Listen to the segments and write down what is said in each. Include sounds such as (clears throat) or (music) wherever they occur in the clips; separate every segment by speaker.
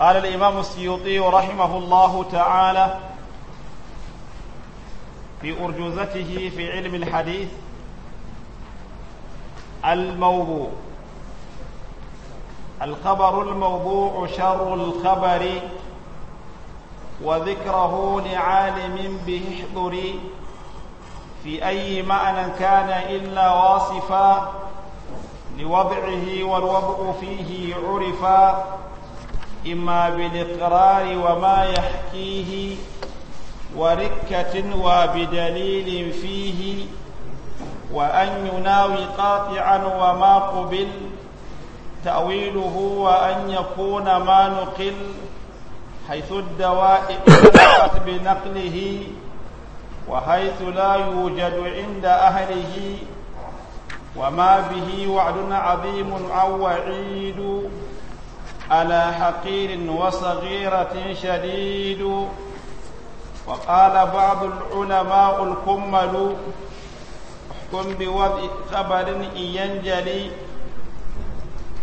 Speaker 1: قال الإمام السيوطي رحمه الله تعالى في أرجوزته في علم الحديث الموضوع الخبر الموضوع شر الخبر وذكره لعالم به احضر في أي معنى كان إلا واصفا لوضعه والوضع فيه عرفا إما بالإقرار وما يحكيه وركة وبدليل فيه وأن يناوي قاطعا وما قبل تأويله وأن يكون ما نقل حيث الدواء اختلفت بنقله وحيث لا يوجد عند أهله وما به وعد عظيم أو وعيد على حقير وصغيرة شديد وقال بعض العلماء الكمل احكم بوضع خبر إن ينجلي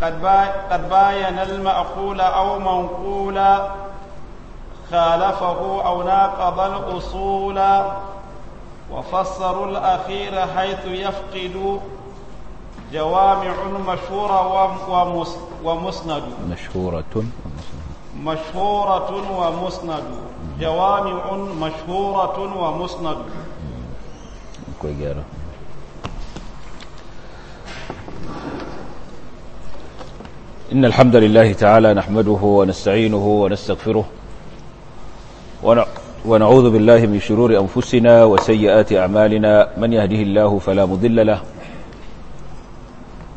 Speaker 1: قد باين المأقول أو منقولا خالفه أو ناقض الأصول وفسروا الأخير حيث يفقد جوامع مشهورة ومسند
Speaker 2: مشهورة ومسند
Speaker 1: مشهورة ومسند جوامع مشهورة ومسند
Speaker 2: إن الحمد لله تعالى نحمده ونستعينه ونستغفره ونعوذ بالله من شرور أنفسنا وسيئات أعمالنا من يهده الله فلا مضل له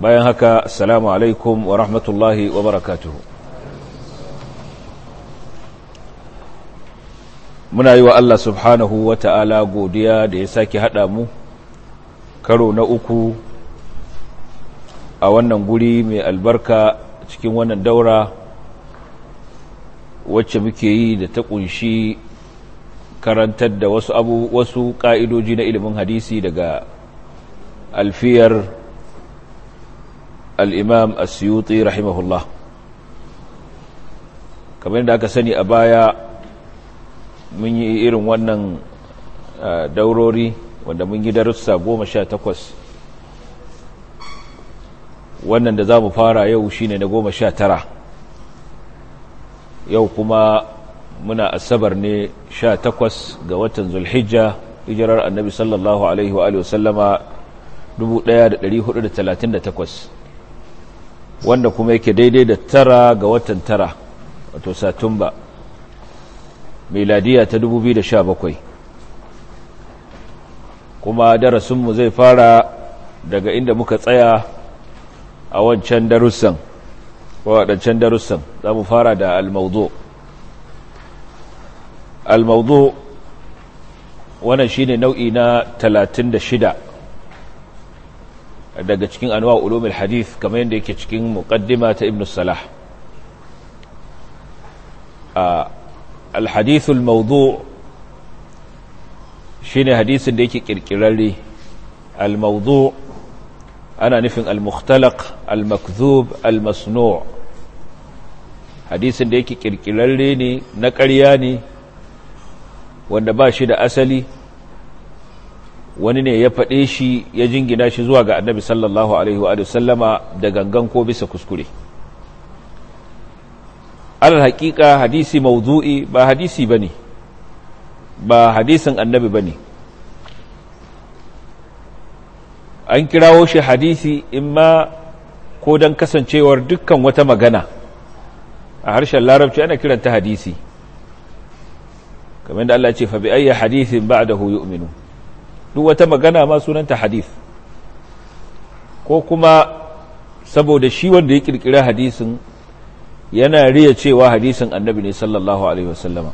Speaker 2: bayan haka assalamu alaikum wa rahmatullahi wa barakatuhu muna yi wa Allah subhanahu wa ta'ala godiya da ya sake haɗa mu karo na uku a wannan guri mai albarka cikin wannan daura wacce muke yi da ta ƙunshi karantar da wasu abu wasu ƙa'idoji na ilimin hadisi daga alfiyar al'imam asiyuti rahimahullah kamar yadda aka sani a baya mun yi irin wannan daurori wanda mun yi darussa goma sha takwas wannan da za mu fara yau shine ne na goma sha tara yau kuma muna asabar ne sha takwas ga watan zulhijja hijirar annabi sallallahu alaihi wa sallama 1438 wanda kuma yake daidai da tara ga watan tara wato satumba miladiya ta 2017 kuma darasinmu zai fara daga inda muka tsaya a wancan darussan waɗancan darussan za mu fara da almauzo almauzo wannan shine nau'i na shida. daga cikin anwa ulumul hadith kamar yadda yake cikin muqaddima ta ibn salah al hadithul mawdu' shine hadisin da yake kirkirarre al mawdu' ana nufin al mukhtalaq al makdhub al masnu' hadisin da yake kirkirarre ne na ƙarya ne wanda ba shi da asali wani ne ya faɗe shi ya jingina shi zuwa ga annabi sallallahu alaihi wa sallama da gangan ko bisa kuskure alal haƙiƙa hadisi mawdu'i ba hadisi bane ba hadisin annabi bane an kirawo shi hadisi imma ko don kasancewar dukkan wata magana a harshen larabci ana kiranta hadisi kamar da Allah ce fa bi ayyi da ba'dahu uminu. duk wata magana ma sunanta hadith ko kuma saboda shi wanda ya kirkira hadisin yana riya cewa hadisin annabi ne sallallahu alaihi wasallama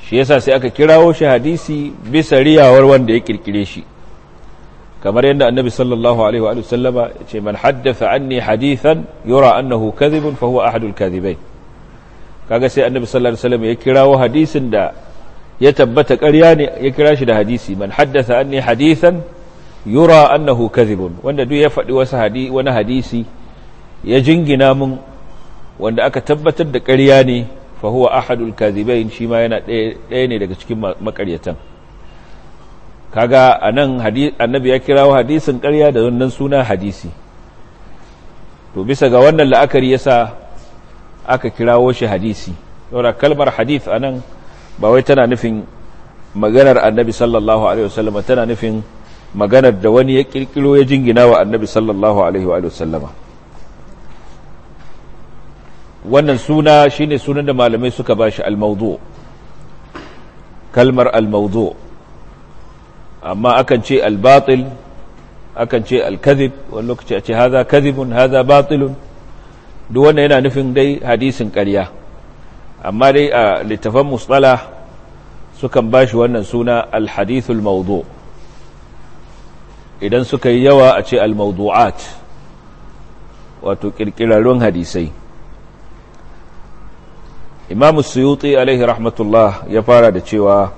Speaker 2: shi yasa sai aka kirawo shi hadisi bisa riyawar wanda ya kirkire shi kamar yadda annabi sallallahu alaihi wa ya ce man haddatha anni hadithan yura annahu kadhibun fa huwa ahadul kadhibain kaga sai annabi sallallahu alaihi wasallam ya kirawo hadisin da ya tabbata ƙarya ne ya kira shi da hadisi man haddasa an ne hadisan yura annahu kadhibun wanda duk ya faɗi wani hadisi ya jingina mun wanda aka tabbatar da ƙarya ne fa huwa ahadul kadhibain shi ma yana ɗaya ne daga cikin makaryatan kaga anan annabi ya kirawo hadisin ƙarya da wannan suna hadisi to bisa ga wannan la'akari yasa aka kirawo shi hadisi saboda kalmar hadith anan ba wai tana nufin maganar annabi sallallahu alaihi wasallama tana nufin maganar da wani ya kirkiro ya jingina wa annabi sallallahu alaihi wasallama wannan suna shine sunan da malamai suka bashi al-mawdu kalmar al-mawdu amma akan ce al-batil akan ce al-kadhib wani lokaci a ce haza kadhibun haza batilun duk wannan yana nufin dai hadisin ƙarya amma dai a littafan musala sukan ba shi wannan suna alhadithul maudu idan suka yi yawa a ce almaudu'at wato kirkirarrun hadisai imam suyuti alaihi rahmatullah ya fara da cewa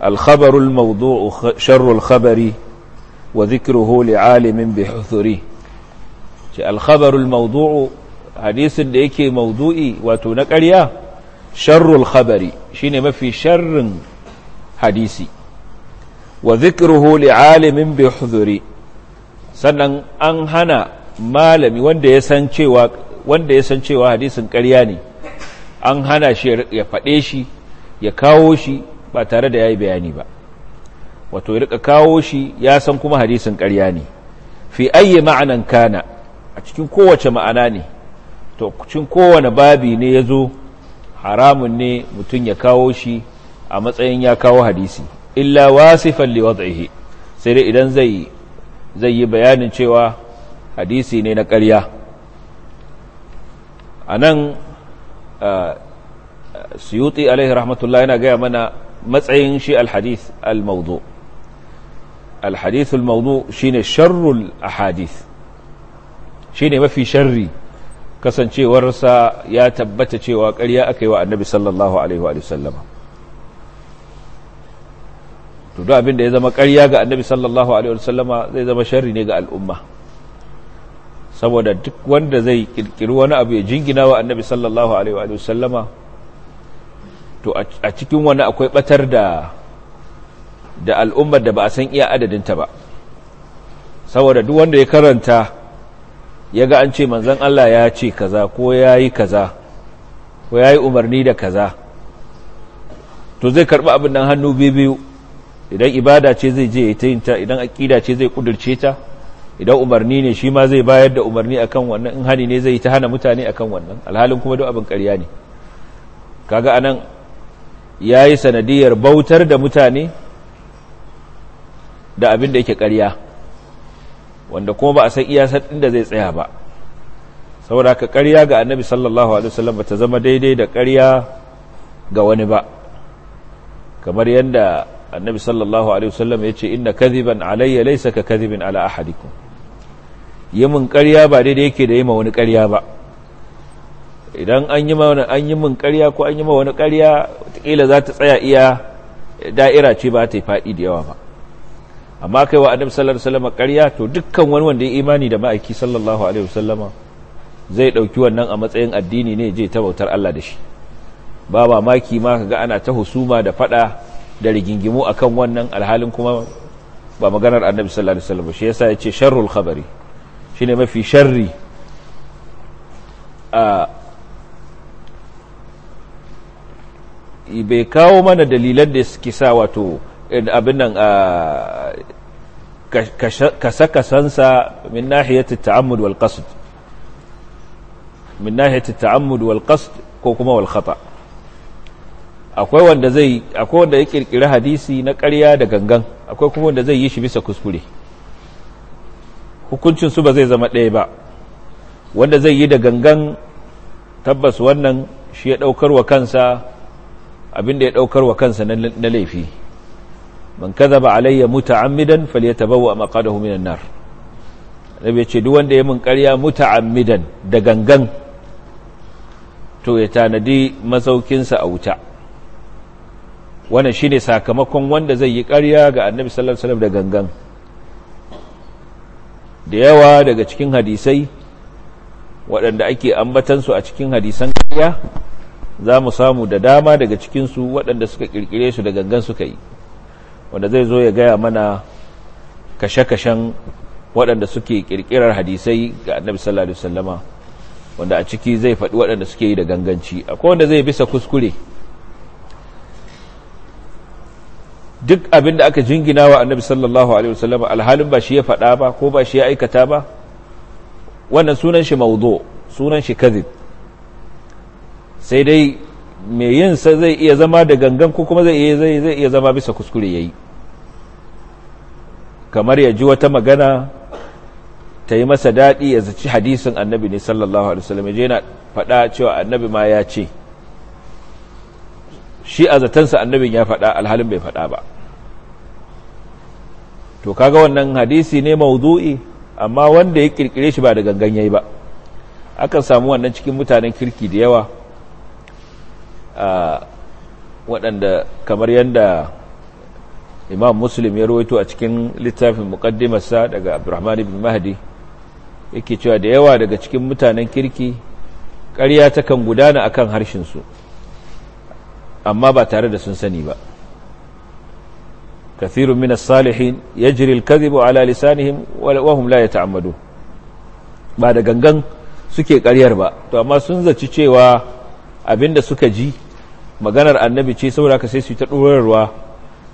Speaker 2: alkhabarul maudu'u sharrul khabari wa zikruhu li'alimin bihuthuri ce alkhabarul maudu'u hadisin da yake maudu'i wato na ƙarya sharrul khabari shine mafi sharrin hadisi wa zikruhu li'alimin bai huzuri sannan an hana malami wanda ya san cewa wanda hadisin ƙarya ne an hana shi ya faɗe shi ya kawo shi ba tare da ya yi bayani ba wato ya rika kawo shi ya san kuma hadisin ƙarya ne fi ayyi ma'anan kana a cikin kowace ma'ana ne to kowane babi ne ya zo haramun ne mutum ya kawo shi a matsayin ya kawo hadisi illa wasifan li wad'ihi sai dai idan zai zai yi bayanin cewa hadisi ne na ƙarya anan suyuti alaihi rahmatullah yana gaya mana matsayin shi alhadith almawdu alhadith almawdu shine sharrul ahadis shine mafi sharri kasancewarsa ya tabbata cewa ƙarya aka yi wa annabi sallallahu alaihi wa sallama to duk abin da ya zama ƙarya ga annabi sallallahu alaihi wa sallama zai zama sharri ne ga al'umma saboda duk wanda zai kirkiri wani abu ya jingina wa annabi sallallahu alaihi wa sallama to a cikin wani akwai batar da da al'ummar da ba a san iya adadinta ba saboda duk wanda ya karanta ya ga an ce manzan Allah ya ce kaza ko ya yi kaza ko ya yi umarni da kaza to zai karɓi abin nan hannu biyu idan ibada ce zai je ta yin ta idan aƙida ce zai ƙudurce ta idan umarni ne shi ma zai bayar da umarni a kan wannan in hani ne zai yi ta hana mutane a kan wannan alhalin kuma duk abin karya ne kaga anan ya yi sanadiyar bautar da mutane da abin da yake karya. wanda kuma ba a san iyasar inda zai tsaya ba saboda ka ƙarya ga annabi sallallahu alaihi wasallam ba ta zama daidai da ƙarya ga wani ba kamar yadda annabi sallallahu alaihi wasallam ya ce inna kadhiban alayya laysa ka kadhibin ala ahadikum yimin ƙarya ba daidai yake da yima wani ƙarya ba idan an yi mana an yi min ƙarya ko an yi mana wani ƙarya wataƙila za ta tsaya iya da'ira ce ba ta yi faɗi da yawa ba amma kai wa annabi sallallahu alaihi wasallam ƙarya to dukkan wani wanda ya imani da ma'aiki sallallahu alaihi wasallama zai dauki wannan a matsayin addini ne je ta bautar Allah da shi ba mamaki ma kaga ana ta husuma da fada da rigingimu akan wannan alhalin kuma ba maganar annabi sallallahu alaihi wasallam shi yasa yace sharrul khabari shine mafi sharri a bai kawo mana dalilan da suke sa wato abin nan ah, kasa-kasansa min nahiyar ta'ammud wal qasd min nahiyar ta'ammud wal qasd ko kuma wal khata akwai wanda zai akwai wanda ya kirkiri hadisi na ƙarya da gangan akwai kuma wanda zai yi shi bisa kuskure hukuncin su ba zai zama ɗaya ba wanda zai yi da gangan tabbas wannan shi ya ɗaukar wa kansa abin da ya ɗaukar wa kansa na laifi man kadhaba alayya muta'ammidan falyatabawwa maqadahu minan nar nabi ce duk wanda ya mun ƙarya muta'ammidan da gangan to ya tanadi sa a wuta wannan shine sakamakon wanda zai yi ƙarya ga annabi sallallahu alaihi wasallam da gangan da yawa daga cikin hadisai waɗanda ake ambatansu a cikin hadisan ƙarya za mu samu da dama daga cikin cikinsu waɗanda suka ƙirƙire su da gangan suka yi wanda zai zo ya gaya mana kashe-kashen waɗanda suke ƙirƙirar hadisai ga annabi sallallahu alaihi wasallama wanda a ciki zai faɗi waɗanda suke yi da ganganci akwai wanda zai bisa kuskure duk abin da aka jingina wa annabi sallallahu alaihi wasallama alhalin ba shi ya faɗa ba ko ba shi ya aikata ba wannan sunan shi mawdu sunan shi kadhib sai dai mai yinsa zai iya zama da gangan ko kuma zai iya zama bisa kuskure ya yi kamar ya ji wata magana ta yi masa daɗi ya zaci hadisin annabi ne sallallahu alaihi wasallam je yana faɗa cewa annabi ma ya ce shi a zatansa annabin ya faɗa alhalin bai faɗa ba to kaga wannan hadisi ne mawdu'i amma wanda ya ƙirƙire shi ba da gangan yi ba akan samu wannan cikin mutanen kirki da yawa waɗanda kamar yadda imam muslim ya ruwaito a cikin littafin muƙaddimarsa daga abdurrahman ibn mahdi yake cewa da yawa daga cikin mutanen kirki ƙarya ta kan gudana akan harshen su amma ba tare da sun sani ba kathirun min salihin ya jiri kadhibu ala lisanihim wahum la ya ta'amadu ba da gangan suke karyar ba to amma sun zaci cewa abinda suka ji maganar annabi ce saboda ka sai su ta ɗorarwa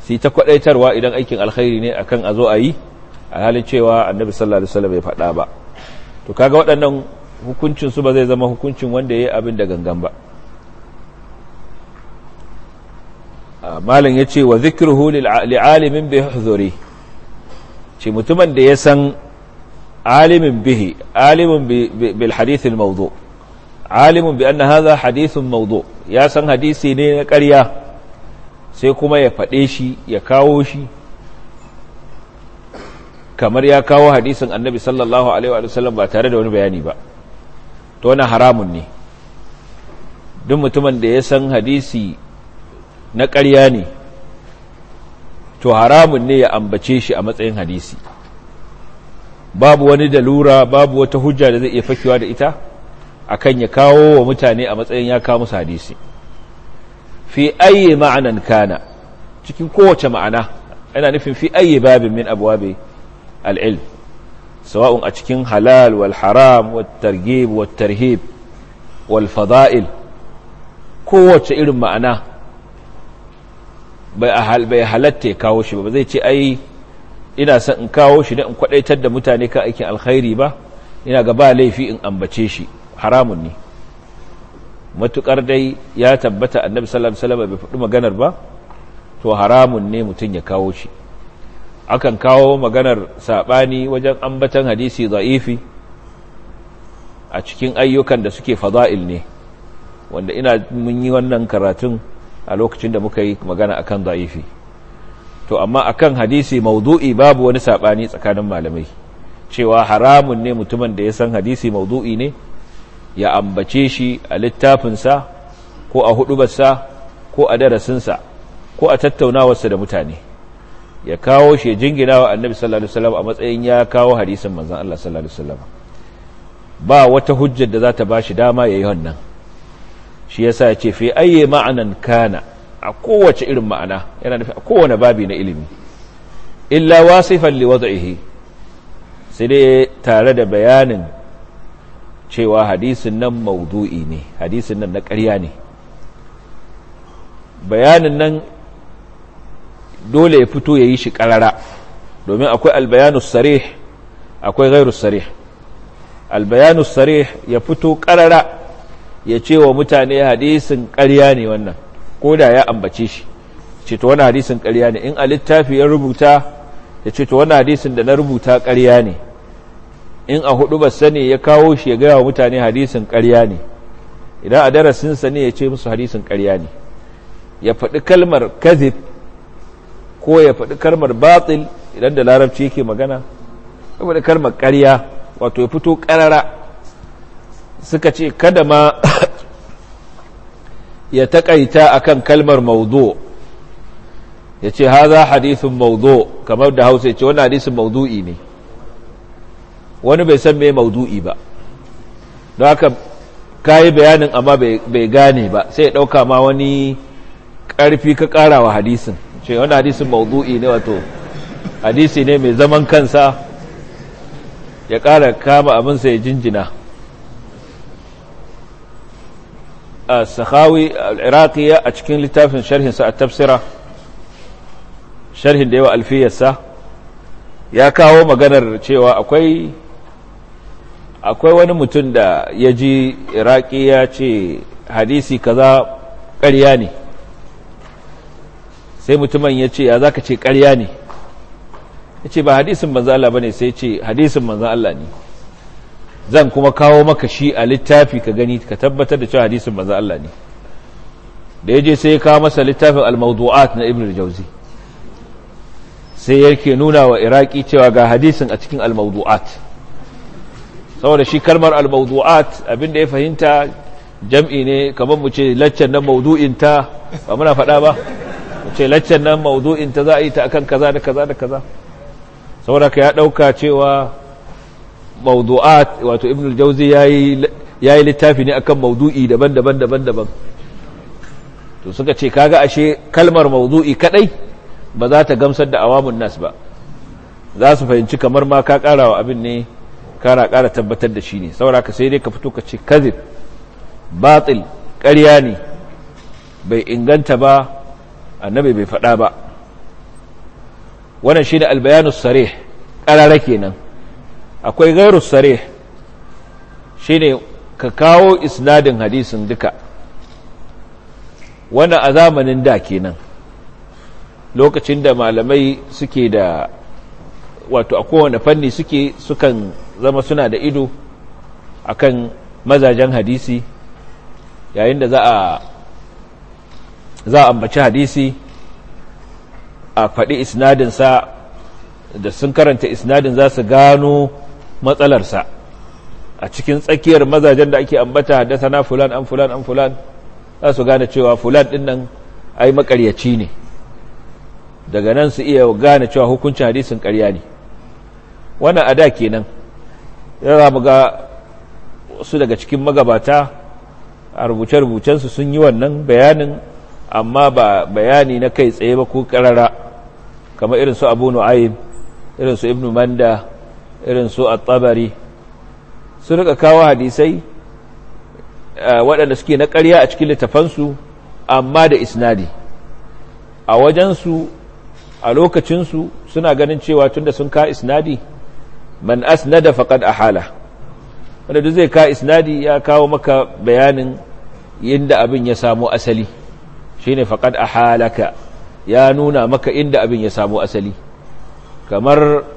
Speaker 2: su ta kwaɗaitarwa idan aikin alkhairi ne akan a zo a yi a halin cewa annabi sallallahu alaihi wasallam bai faɗa ba to kaga waɗannan hukuncin su ba zai zama hukuncin wanda ya abin da gangan ba malam yace wa zikirhu li bi huzuri ce mutumin da ya san alimin bihi alimin bil hadith mawdu' alimun bi na hadha hadithun mawdu ya san hadisi ne na ƙarya sai kuma ya faɗe shi ya kawo shi kamar ya kawo hadisin annabi sallallahu alaihi wa sallam ba tare da wani bayani ba to wannan haramun ne duk mutumin da ya san hadisi na ƙarya ne to haramun ne ya ambace shi a matsayin hadisi babu wani dalura babu wata hujja da zai iya fakewa da ita akan ya kawo wa mutane a matsayin ya kawo musu hadisi fi ayi ma'anan kana cikin kowace ma'ana yana nufin fi ayi babin min abwabi al-ilm sawa'un a cikin halal wal haram wat targhib wat tarhib wal fada'il kowace irin ma'ana bai halatta ya kawo shi ba zai ce ai ina son in kawo shi da in kwadaitar da mutane ka aikin alkhairi ba ina ga ba laifi in ambace shi haramun ne matukar dai ya tabbata annabi sallallahu alaihi wasallam bai faɗi maganar ba to haramun ne mutum ya kawo shi akan kawo maganar saɓani wajen ambatan hadisi za'ifi a cikin ayyukan da suke fada'il ne wanda ina mun yi wannan karatun a lokacin da muka yi magana akan za'ifi to amma akan hadisi maudu'i babu wani saɓani tsakanin malamai cewa haramun ne mutumin da ya san hadisi maudu'i ne ya ambace shi a littafinsa ko a hudubarsa ko a darasinsa ko a tattaunawarsa da mutane ya kawo shi jingina wa annabi sallallahu alaihi wasallam a matsayin ya kawo hadisin manzon Allah sallallahu alaihi wasallam ba wata hujjar da za ta bashi dama yayi wannan shi yasa ya ce fi ayyi ma'anan kana a kowace irin ma'ana yana nufi a kowane babi na ilimi illa wasifan liwad'ihi sai dai tare da bayanin cewa hadisin nan maudu'i ne hadisin nan na ƙarya ne bayanin nan dole ya fito ya yi shi ƙarara domin akwai albayanus sarih akwai gairus sarih albayanus sarih ya fito ƙarara ya ce wa mutane hadisin ƙarya ne wannan ko da ya ambace shi ce to wani hadisin ƙarya ne in a littafi ya rubuta ya ce to wani hadisin da na rubuta ƙarya ne in a hudu ba sani ya kawo shi ya gaya wa mutane hadisin ƙarya ne idan a darasinsa ne ya ce musu hadisin ƙarya ne ya faɗi kalmar kazib ko ya faɗi kalmar batil idan da larabci yake magana ya faɗi kalmar ƙarya wato ya fito ƙarara suka ce kada ma (coughs) ya taƙaita akan kalmar maudu ya ce haza hadisin maudu kamar da hausa ya ce wani hadisin maudu'i ne wani bai san mai maudu'i ba don haka kayi bayanin amma bai gane ba sai ya ɗauka ma wani ƙarfi ka ƙara wa hadisin ce wani hadisin maudu'i ne wato hadisi ne mai zaman kansa ya ƙara kama abinsa ya jinjina a sahawi al'iraqiya a cikin littafin sharhinsa a tafsira sharhin da yawa alfiyarsa ya kawo maganar cewa akwai akwai wani mutum da ya ji iraki ya ce hadisi kaza ƙarya ne sai mutumin ya ce ya za ka ce ƙarya ne ya ce ba hadisin manzan Allah ba ne sai ce hadisin manzan Allah ne zan kuma kawo maka shi a littafi ka gani ka tabbatar da cewa hadisin manzan Allah ne da ya je sai ya kawo masa littafin al-mawdu'at na ibn al sai yake nuna wa iraki cewa ga hadisin a cikin al-mawdu'at saboda shi kalmar al-mawdu'at abinda ya fahimta jam'i ne kamar mu ce laccan nan mawdu'in ta ba muna faɗa ba mu ce laccan nan mawdu'in ta za a yi ta akan kaza da kaza da kaza saboda ka ya ɗauka cewa mawdu'at wato ibn al-jawzi yayi yayi littafi ne akan mawdu'i daban-daban daban-daban to suka ce kaga ashe kalmar mawdu'i kadai ba za ta gamsar da awamun nas ba za su fahimci kamar ma ka karawa abin ne kana kara tabbatar da shi ne saboda ka sai dai ka fito ka ce kazib batil ƙarya ne bai inganta ba annabi bai faɗa ba wannan shi da albayanus sarih ƙarara kenan akwai gairus sare shine ka kawo isnadin hadisin duka wannan a zamanin da kenan lokacin da malamai suke da wato a kowane fanni suke sukan zama suna da ido kan mazajen hadisi yayin da za a za a ambaci hadisi a faɗi isnadinsa da sun karanta isnadin za su gano matsalarsa a cikin tsakiyar mazajen da ake ambata da na fulan an fulan an fulan za su gane cewa fulan ɗin nan ai makaryaci ne daga nan su iya gane cewa hukuncin hadisin ƙarya ne wannan ada kenan yana mu ga su daga cikin magabata a rubuce-rubucensu sun yi wannan bayanin amma ba bayani na kai tsaye ba ko karara kamar irin su abu nu'ayin irin su Ibn manda irin su at-tabari su rika kawo hadisai eh, waɗanda suke na ƙarya a cikin littafansu amma da isnadi a wajensu a lokacinsu suna ganin cewa tun da sun ka isnadi man asnada faqad ahala wanda duk zai ka isnadi ya kawo maka bayanin inda abin ya samu asali shine faqad ahalaka ya nuna maka inda abin ya samu asali kamar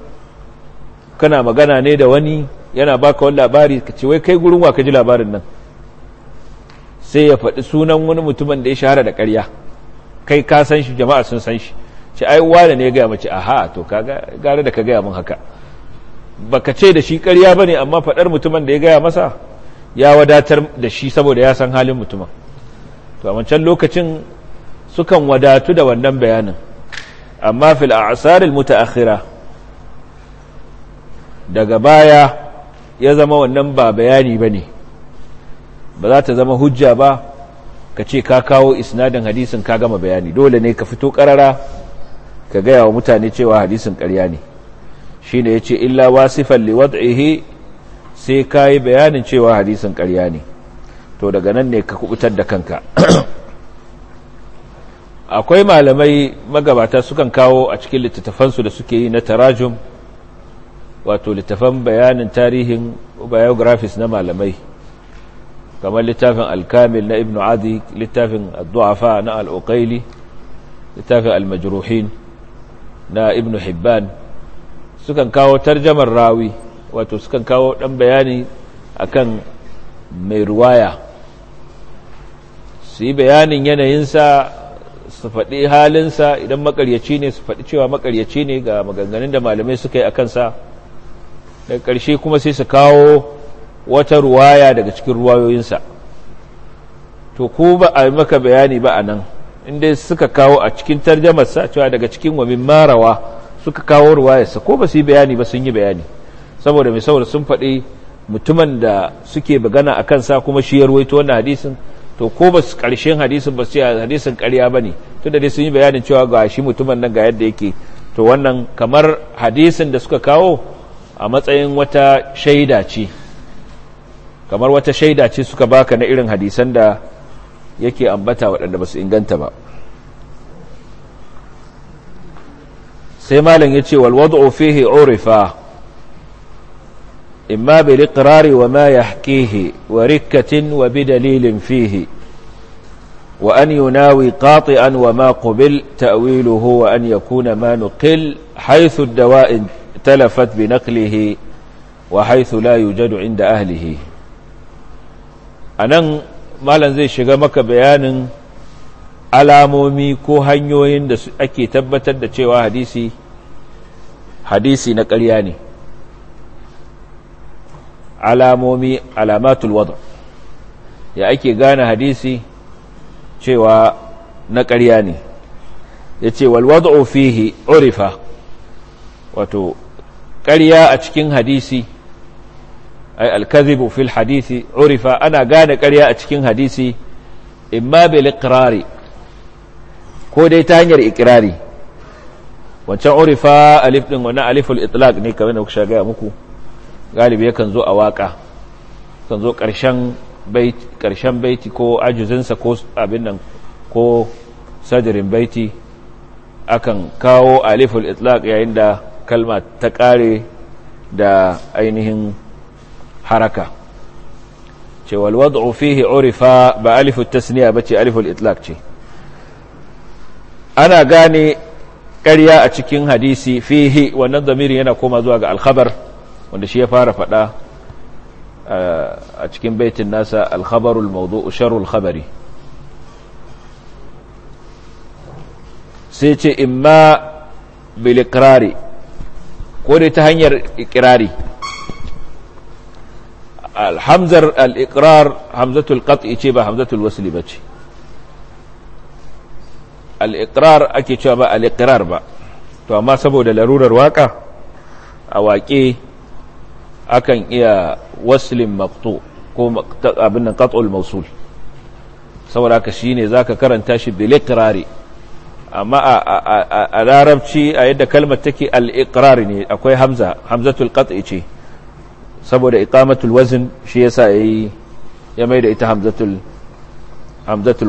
Speaker 2: kana magana ne da wani yana baka wani labari kace wai kai gurin wa ka ji labarin nan sai ya faɗi sunan wani mutumin da ya shahara da ƙarya kai ka san shi jama'a sun san shi ce ai wani ne ya gaya mace aha to kaga gare da ka gaya min haka baka ce da shi ƙarya bane amma faɗar mutumin da ya gaya masa ya wadatar da shi saboda ya san halin mutumin to a wancan lokacin sukan wadatu da wannan bayanin amma fil a muta mutaakhira daga baya ya zama wannan ba bayani bane ba za ta zama hujja ba ka ce ka kawo isnadin hadisin ka gama bayani dole ne ka fito ƙarara ka gaya wa mutane cewa hadisin ƙarya ne shi ne ya ce illa wasifan liwad'ihi sai ka yi bayanin cewa hadisin ƙarya ne to daga nan ne ka kubutar da kanka (clears throat) akwai malamai magabata sukan kawo a cikin littattafansu da suke yi na tarajum wato littafan bayanin tarihin biographies na malamai kamar littafin alkamil na ibn adi littafin addu'afa na al'ukaili littafin almajruhin na ibn hibban sukan kawo tarjamar rawi wato sukan kawo ɗan bayani akan mai ruwaya su yi bayanin yanayinsa su faɗi halinsa idan makaryaci ne su faɗi cewa makaryaci ne ga maganganun da malamai suka yi a kansa daga ƙarshe kuma sai su kawo wata ruwaya daga cikin ruwayoyinsa to ko ba a maka bayani ba a nan inda suka kawo a cikin tarjamarsa cewa daga cikin wamin marawa suka kawo ruwayarsa ko ba su yi bayani ba sun yi bayani saboda mai saboda sun faɗi mutumin da suke bagana a kansa kuma shi ya ruwaito wannan hadisin to ko ba su ƙarshen hadisin ba su hadisin ƙarya ba ne tun da dai sun yi bayanin cewa ga shi mutumin nan ga yadda yake to wannan kamar hadisin da suka kawo a matsayin wata shaida ce kamar wata shaida ce suka baka na irin hadisan da yake ambata waɗanda ba su inganta ba sai malam ya ce walwadu fihi orifa imma bil iqrari wa ma yahkihi wa rikkatin wa bi dalilin fihi wa an yunawi an wa ma ta'wilu ta'wiluhu wa an kuna ma nuqil haythu ad talafat bi naqlihi wa haythu la yujadu inda ahlihi anan malam zai shiga maka bayanin alamomi ko hanyoyin da ake tabbatar da cewa hadisi hadisi na ƙarya ne alamomi alamatul wada ya ake gane hadisi cewa na ƙarya ne ya ce walwada fihi orifa wato ƙarya a cikin hadisi ai alkazibu fil hadisi orifa ana gane ƙarya a cikin hadisi imma bil iqrari ko dai ta hanyar ikirari wancan orifa alif din wannan aliful itlaq ne kamar da kuka gaya muku galibi yakan zo a waka kan zo karshen baiti ko ajuzinsa ko abin nan ko sadirin baiti akan kawo aliful itlaq yayin da kalma ta kare da ainihin haraka cewa alwad'u fihi orifa ba aliful tasniya bace aliful itlaq ce ana gane ƙarya a cikin hadisi fihi wannan zamiri yana koma zuwa ga alkhabar wanda shi ya fara faɗa eh, a cikin baitin nasa alkhabarul mawdu'u usharul khabari sai ce imma bil ikrari ko dai ta hanyar ikrari alhamzar al-iqrar hamzatul qat'i ce ba hamzatul wasli bace al'iƙirar ake cewa ba al'iƙirar ba to amma saboda larurar waƙa a waƙe akan iya waslin makto ko abin nan kat'ul mausul saboda ka shi ne za ka karanta shi bilikirari amma a larabci a yadda kalmar take al'ikirari ne akwai hamza hamzatul kat'i ce saboda ikamatul wazin shi yasa ya yi ya mai da ita hamzatul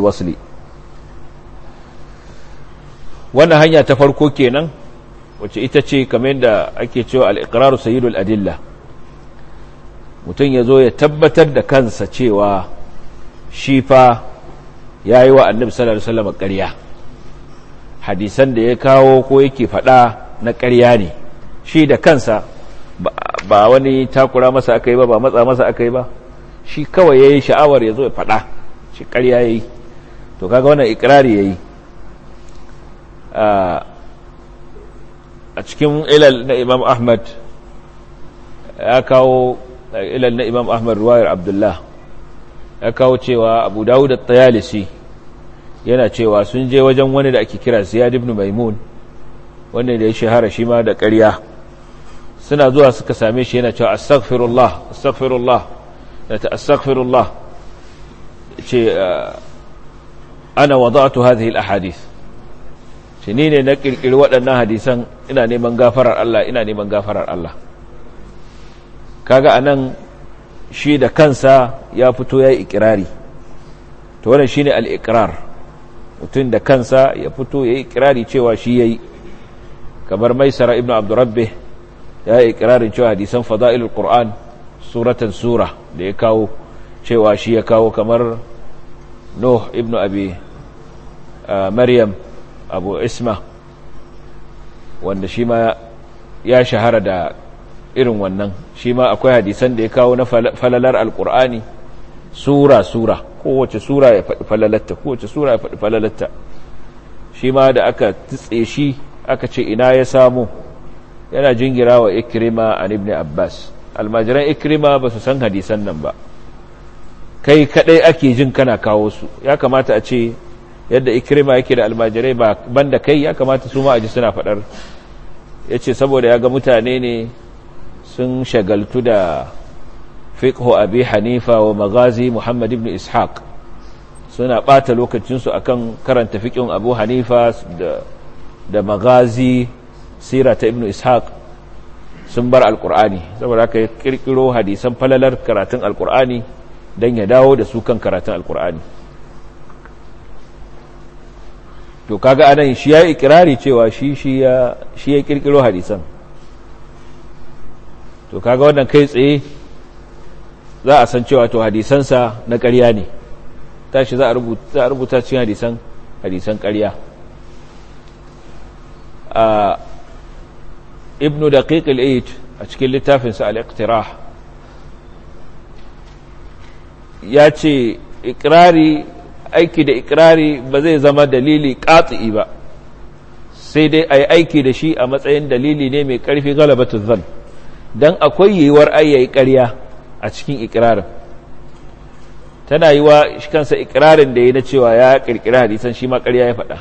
Speaker 2: wasli wannan hanya ta farko kenan wacce ita ce kamar da ake cewa al-iqraru sayyidul adilla mutum yazo ya tabbatar da kansa cewa shi fa ya wa annabi sallallahu alaihi wasallam ƙarya hadisan da ya kawo ko yake faɗa na ƙarya ne shi da kansa ba wani takura masa aka ba ba matsa masa aka ba shi kawai yayi sha'awar yazo zo ya faɗa shi ƙarya ya to kaga wannan ikirari yayi a cikin ilal na imam ahmad ya kawo ilal na imam ahmad ruwayar abdullah ya kawo cewa abu dawud at-tayalisi yana cewa sun je wajen wani da ake kira ziyad ibn maimun wanda da ya shahara shi ma da ƙarya suna zuwa suka same shi yana cewa astaghfirullah astaghfirullah da ta astaghfirullah ce ana wada'tu hadhihi al-ahadith ni ne na ƙirƙiri waɗannan hadisan ina neman gafarar Allah ina neman gafarar Allah kaga anan shi da kansa ya fito ya yi ikirari ta wannan shine ne mutum da kansa ya fito ya yi ikirari cewa shi ya yi kamar maisara ibnu abdurrabbih ya yi ikirarin cewa hadisan fada'ilul qur'an suratan sura da ya kawo cewa shi ya kawo kamar nuh ibn abi ah, maryam abu isma wanda shi ma ya shahara da irin wannan shi ma akwai hadisan da ya kawo na falalar alkur'ani sura-sura kowace sura ya faɗi falalatta kowace sura ya faɗi falalatta shi ma da aka tutse shi aka ce ina ya samu yana jingira wa ikirima a nibni abbas almajiran ikirima ba su san hadisan nan ba kai kadai ake jin kana kawo su ya kamata a ce yadda ikrima yake da almajirai ba banda kai ya kamata su ma a suna faɗar ya ce saboda ya ga mutane ne sun shagaltu da fiqhu abi hanifa wa magazi muhammad ibn ishaq suna ɓata lokacinsu akan karanta fikin abu hanifa da da magazi sira ta ibn ishaq sun bar alkur'ani saboda haka ya ƙirƙiro hadisan falalar karatun alkur'ani don ya dawo da su kan karatun alkur'ani to kaga anan shi ya ikirari cewa shi shi ya shi ya kirkiro hadisan to kaga wannan kai tsaye za a san cewa to hadisansa na ƙarya ne tashi za rubuta za a rubuta cikin hadisan hadisan karya a ibnu daqiq al a cikin littafinsa al-iqtirah ya ce ikirari aiki da ikrari ba zai zama dalili katsi ba sai dai a yi aiki da shi a matsayin dalili ne mai karfi galabatun zan don akwai yiwuwar ayyayi karya a cikin ikirarin tana yi wa kansa ikirarin da ya na cewa ya ƙirƙira hadisan shi ma ƙarya ya faɗa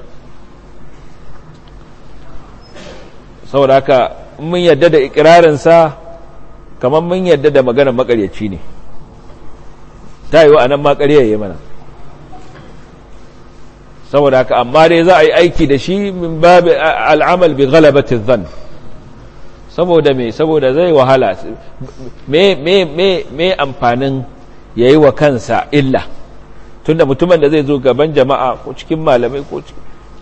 Speaker 2: saboda haka mun yadda da ikirarinsa kamar mun yadda da maganar makaryaci ne ta yi wa anan ma ƙarya ya yi mana saboda haka amma dai za a yi aiki da shi min babu al'amal bi ghalabati dhann saboda me saboda zai wahala me me me me amfanin yayi wa kansa illa tunda mutumin da zai zo gaban jama'a ko cikin malamai ko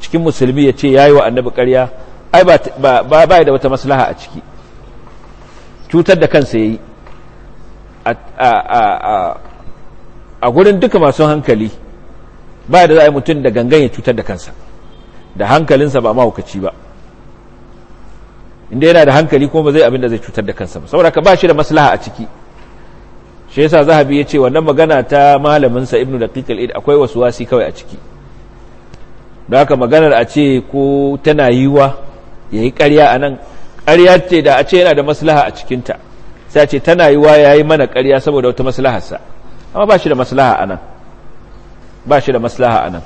Speaker 2: cikin musulmi ya ce yayi wa annabi karya ai ba ba da wata maslaha a ciki cutar da kansa yayi a a a gurin duka masu hankali ba da za a yi mutum da gangan ya cutar da kansa da hankalinsa ba mahaukaci ba inda yana da hankali kuma zai abin da zai cutar da kansa ba saboda ka ba shi da maslaha a ciki shi yasa zahabi ya ce wannan magana ta malaminsa ibnu da kikil id akwai wasu wasi kawai a ciki don haka maganar a ce ko tana yiwa karya ƙarya nan ƙarya ce da a ce yana da maslaha a cikinta sai a ce tana wa ya yi mana karya saboda wata sa amma ba shi da maslaha a nan. ba shi da maslaha a nan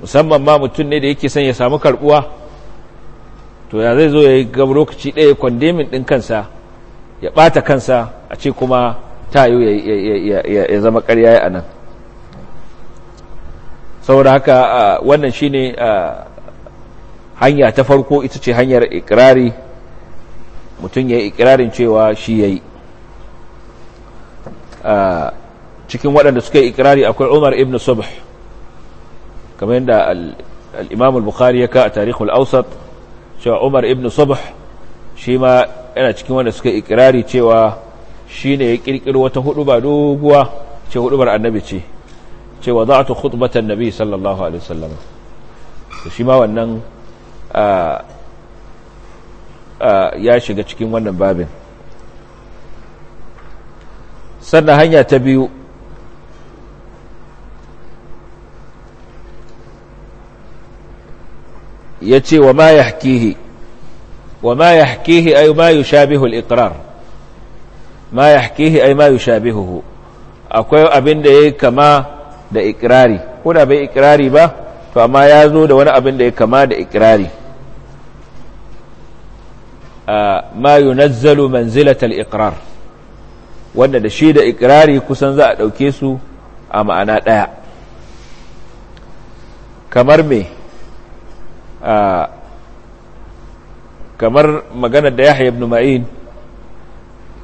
Speaker 2: musamman ma mutum ne da yake son ya samu karbuwa to ya zai zo ya yi gab lokaci ɗaya kwandemin ɗin kansa ya ɓata kansa a ce kuma tayo ya zama ƙarya a nan saboda haka wannan shi ne hanya ta farko ita ce hanyar ikirari mutum ya yi ikirarin cewa shi ya yi cikin waɗanda suka yi ikirari akwai umar ibn subh kamar yadda al al-bukhari ya ka a tarihul ausat cewa umar ibn subh shi ma yana cikin wanda suka yi ikirari cewa shi ne ya kirkiro wata ba doguwa ce hudubar annabi ce cewa za a ta hudubatan nabi sallallahu alaihi wasallam shi ma wannan ya shiga cikin wannan babin sannan hanya ta biyu ya ce wa ma ya hakihi wa ma ya hakihi ai ma yi shabihul ikirar ma ya hakihi ma yi akwai abin da ya kama da ikirari ko da bai ikirari ba to amma ya zo da wani abin da ya kama da ikirari ma yi nazzalu manzilatal ikirar wanda da shi da ikirari kusan za a dauke su a ma'ana daya kamar me kamar magana da yahya ibn ma'in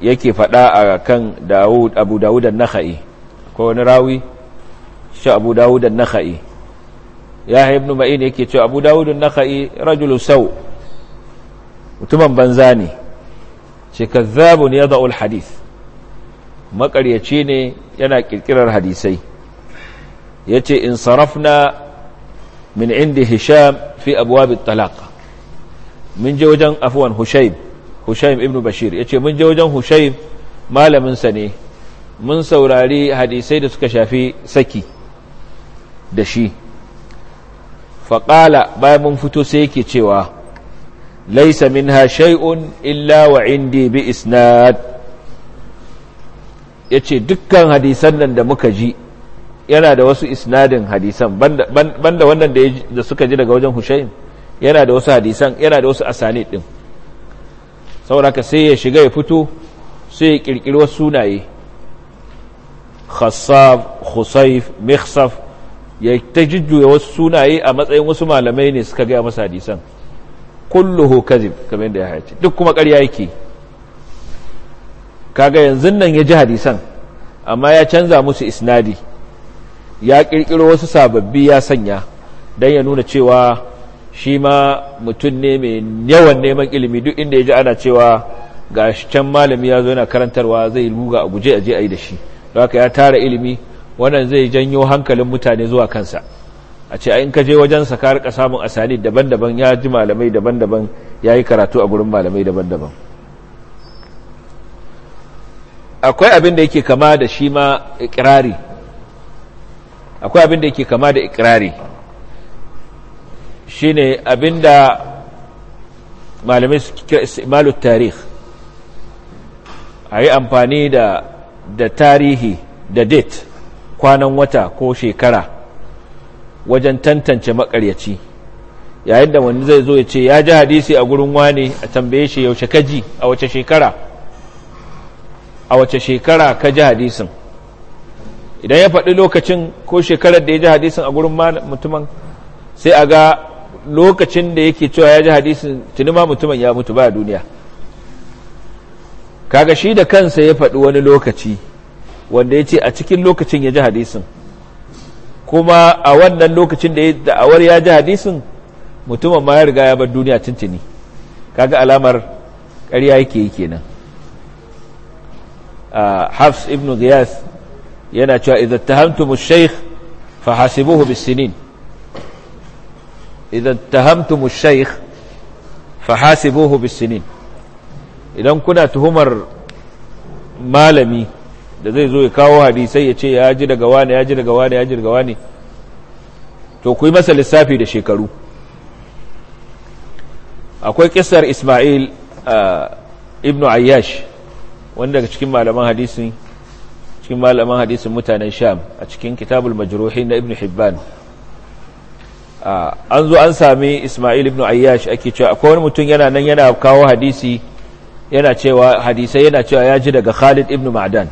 Speaker 2: yake faɗa a kan Da'ud abu dawud an-nakhai ko wani rawi shi abu dawud an-nakhai yahya ibn ma'in yake cewa abu dawud an-nakhai rajulu saw mutumin banza ne ce kazzabun yada'u al-hadith makaryaci ne yana kirkirar hadisai yace in sarafna min indi hisham fi abwab at-talaq mun je wajen afwan hushayb ibn bashir yace mun je wajen hushayb malamin sa ne mun saurari hadisai da suka shafi saki da shi faƙala bayan mun fito sai yake cewa laisa minha shay'un illa wa indi bi isnad yace dukkan hadisan nan da muka ji yana da wasu isnadin hadisan banda wannan da suka ji daga wajen Hushaim yana da wasu hadisan yana da wasu asanid din sauraka sai ya shiga ya fito sai ya kirkiri wasu sunaye khasaf khusayf mikhsaf ya ta jujjuya wasu sunaye a matsayin wasu malamai ne suka gaya masa hadisan kulluhu kazib kamar yadda ya haice duk kuma ƙarya yake kaga yanzu nan ya ji hadisan amma ya canza musu isnadi ya kirkiro wasu sababbi ya sanya don ya nuna cewa shi ma mutum ne mai yawan neman ilimi duk inda ya ji ana cewa ga can malami ya zo yana karantarwa zai ruga a guje a je a yi da shi da haka ya tara ilimi wannan zai janyo hankalin mutane zuwa kansa a ce in ka je wajen wajensa ka samun asali daban-daban ya ji malamai daban-daban ya yi karatu a gurin malamai daban-daban akwai abin da yake kama da shi ma ikirari akwai abin da yake kama da ikirari shi ne abin da malamai suke kira istimalu tarih a yi amfani da da tarihi da date kwanan wata ko shekara wajen tantance makaryaci yayin da wani zai zo ya ce ya ji hadisi a gurin wani a tambaye shi yaushe kaji a wace shekara a wace shekara ka ji hadisin idan ya faɗi lokacin ko shekarar da ya ji hadisin a gurin mutumin sai a ga lokacin da yake cewa ya ji hadisin tuni ma mutumin ya mutu ba duniya kaga shi da kansa ya faɗi wani lokaci wanda ya ce a cikin lokacin ya ji hadisin kuma a wannan lokacin da ya da'awar ya ji hadisin mutumin ma ya riga ya bar duniya tuntuni kaga alamar ƙarya yake yi kenan ah, hafs ibn Giyas yana cewa idan tahamtum ash-shaykh fahasibuhu bis-sinin idan tahamtum shaykh fahasibuhu bis idan kuna tuhumar malami da zai zo ya kawo hadisai ya ce ya ji daga wani ya ji daga wani ya ji daga wani to ku yi masa lissafi da shekaru akwai kisar ismail ah, ibnu ayyash wanda daga cikin malaman hadisi cikin malaman hadisin mutanen sham a cikin kitabul majruhi na ibn hibban an zo an sami ismail ibn ayyash ake cewa akwai wani mutum yana nan yana kawo hadisi yana cewa hadisai yana cewa ya ji daga khalid ibn ma'dan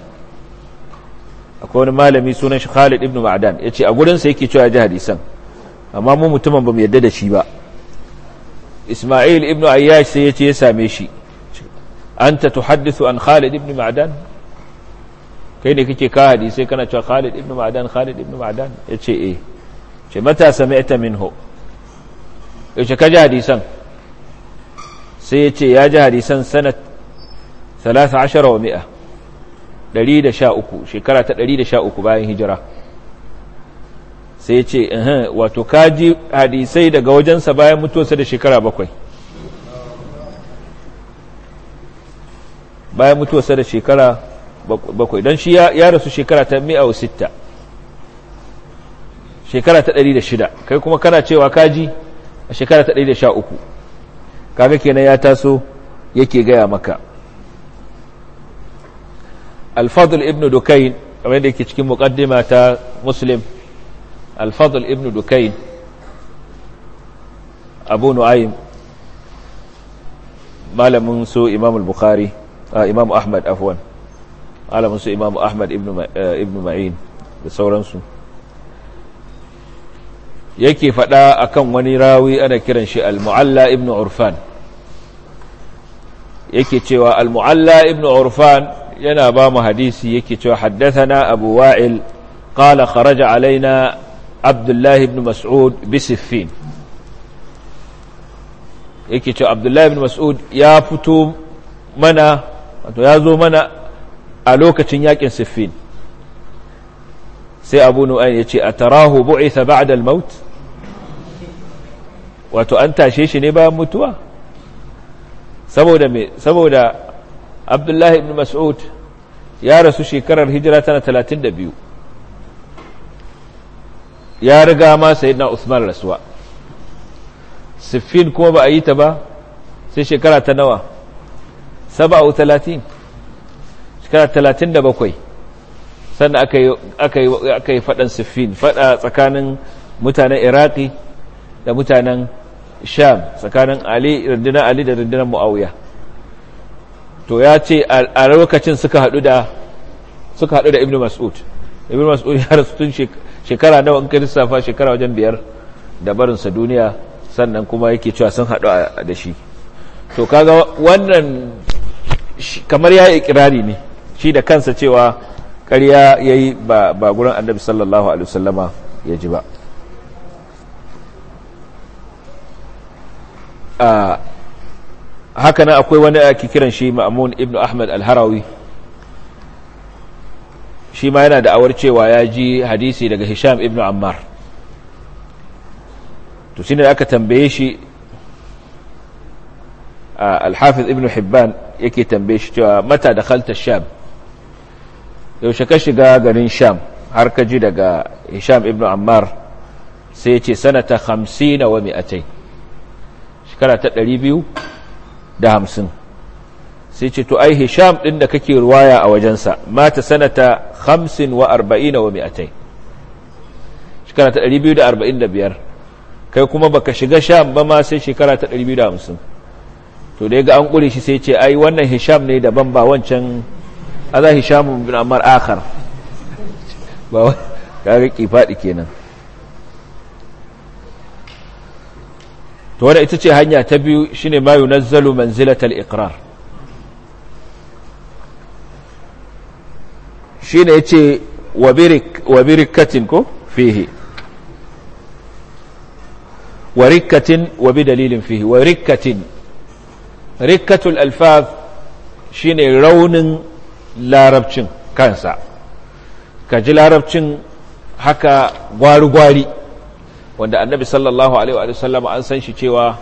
Speaker 2: akwai wani malami sunan shi khalid ibn ma'dan ya ce a gurinsa yake cewa ya ji hadisan amma mu mutumin ba mu yadda da shi ba ismail ibn ayyash sai ya ce ya same shi anta tuhaddisu an khalid ibn ma'dan kai ne kake ka hadisai kana cewa Khalid ibn Ma'dan Khalid ibn Ma'dan yace eh ce mata sami'ta minhu yace ka ji hadisan sai yace ya ji hadisan sanat 13 wa 100 113 shekara ta 113 bayan hijira sai yace eh wato ka ji hadisai daga wajensa bayan mutuwarsa da shekara bakwai bayan mutuwarsa da shekara bakwai don shi ya rasu shekara ta mi'a sita shekara ta ɗari da shida kai kuma kana cewa kaji a shekara ta ɗari da sha uku kaga kenan ya taso yake gaya maka alfadul ibn dukain kamar da yake cikin mukaddima ta muslim alfadul ibn dukain abu nu'aym malamin su imam al-bukhari ah, imam ahmad afwan malamin su imamu ahmad eh, ibn ma'in da sauransu yake faɗa akan wani rawi ana kiran shi al-mu'alla ibn urfan yake cewa al-mu'alla ibn urfan yana ba mu hadisi yake cewa haddathana abu wa'il qala kharaja alaina abdullahi ibn mas'ud bisiffin yake cewa abdullahi ibn mas'ud ya fito mana wato ya zo mana a lokacin yakin siffin sai abu nu'ayn ya ce a tarahu bu'itha ba'da al-maut wato an tashe shi ne bayan mutuwa saboda me saboda abdullahi ibn mas'ud ya rasu shekarar hijira tana 32 ya riga ma sai na usman rasuwa siffin kuma ba a yi ta ba sai shekara ta nawa 37 shekara talatin da bakwai sannan aka yi faɗan siffin faɗa tsakanin mutanen iraki da mutanen sham tsakanin ali rundunar ali da rundunar mu'awiya to ya ce a lokacin suka haɗu da suka hadu da ibn mas'ud ibn mas'ud ya rasu tun shekara nawa in lissafa shekara wajen biyar da barinsa duniya sannan kuma yake cewa sun haɗu da shi to kaga wannan kamar ya yi ikirari ne shi da kansa cewa ƙarya ya yi ba gurin annabi sallallahu alaihi wasallama ya ji ba haka nan akwai wani ake kiran shi ma'amun ibn ahmad al-harawi shi ma yana da'awar cewa ya ji hadisi daga hisham ibn ammar to shi ne aka tambaye shi al-hafiz ibn hibban yake tambaye shi cewa mata da sham yaushe ka shiga garin sham har ka ji daga hisham ibn ammar sai ce sanata hamsin wa mi'atai shekara ta ɗari biyu da hamsin sai ce to ai hisham ɗin da kake ruwaya a wajensa mata sanata hamsin wa arba'in wa mi'atai shekara ta ɗari biyu da arba'in da biyar kai kuma baka shiga sham ba ma sai shekara ta ɗari biyu da hamsin to dai ga an ƙuri shi sai ce ai wannan hisham ne daban ba wancan A aza hisham bin ammar akhar ba kaga kifadi kenan to wadda ita ce hanya ta biyu shine ma yunazzalu manzilatal iqrar shine yace wa birik wa birikatin ko fihi wa rikatin wa bi dalilin fihi wa rikatin rikatul shi ne raunin larabcin kansa ka ji larabcin haka gwari-gwari wanda annabi sallallahu alaihi wa sallama an san shi cewa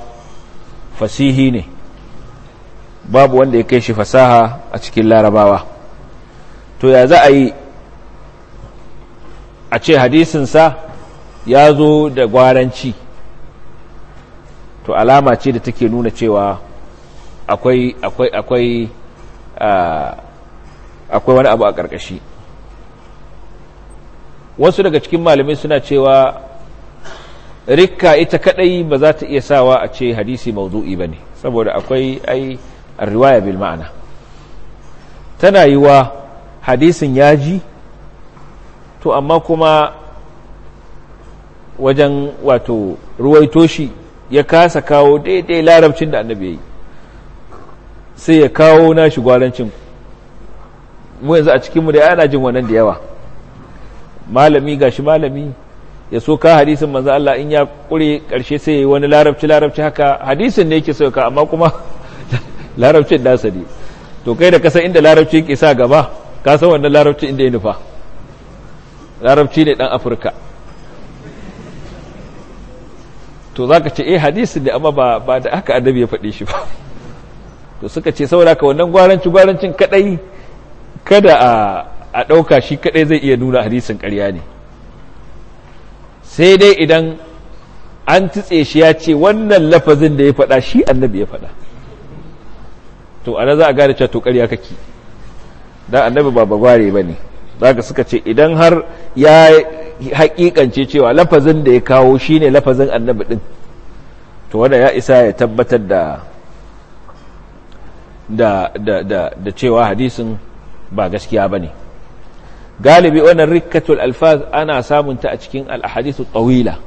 Speaker 2: fasihi ne babu wanda ya kai shi fasaha a cikin larabawa to ya za a yi a ce hadisinsa ya zo da gwaranci to alama ce da take nuna cewa akwai akwai akwai ah, akwai wani abu a ƙarƙashi wasu daga cikin malamai suna cewa rikka ita kadai ba za ta iya sawa a ce hadisi mawdu'i ba ne saboda akwai ai riwaya bil ma'ana tana yi wa hadisin yaji to amma kuma wajen wato ruwaito shi ya kasa kawo daidai larabcin da annabi yi sai ya kawo nashi gwalancin mu yanzu a cikinmu da yana jin wannan da yawa malami gashi malami ya so ka hadisin manzo Allah in ya kure karshe sai yayi wani larabci larabci haka hadisin ne yake so ka amma kuma (laughs) larabcin da ne to kai da kasan inda larabci yake sa gaba ka san wannan larabci inda ya nufa larabci ne dan Afirka to zaka ce eh hadisin ne amma ba ba da haka adabi ya faɗe shi ba (laughs) to suka ce saboda ka wannan gwarancin gwarancin kadai kada a ɗauka shi kaɗai zai iya nuna hadisin ƙarya ne sai dai idan an tutse shi ya ce wannan lafazin da ya faɗa shi annabi ya faɗa to ana za a gane cewa to ƙarya kake don annabi ba bagware ne zaka suka ce idan har ya haƙiƙance cewa lafazin da ya kawo shi ne lafazin annabi ɗin to wanda ya isa ya tabbatar da da cewa hadisin ba gaskiya ba ne galibi wannan rikatul alfaz ana samunta a cikin alhadisu tawila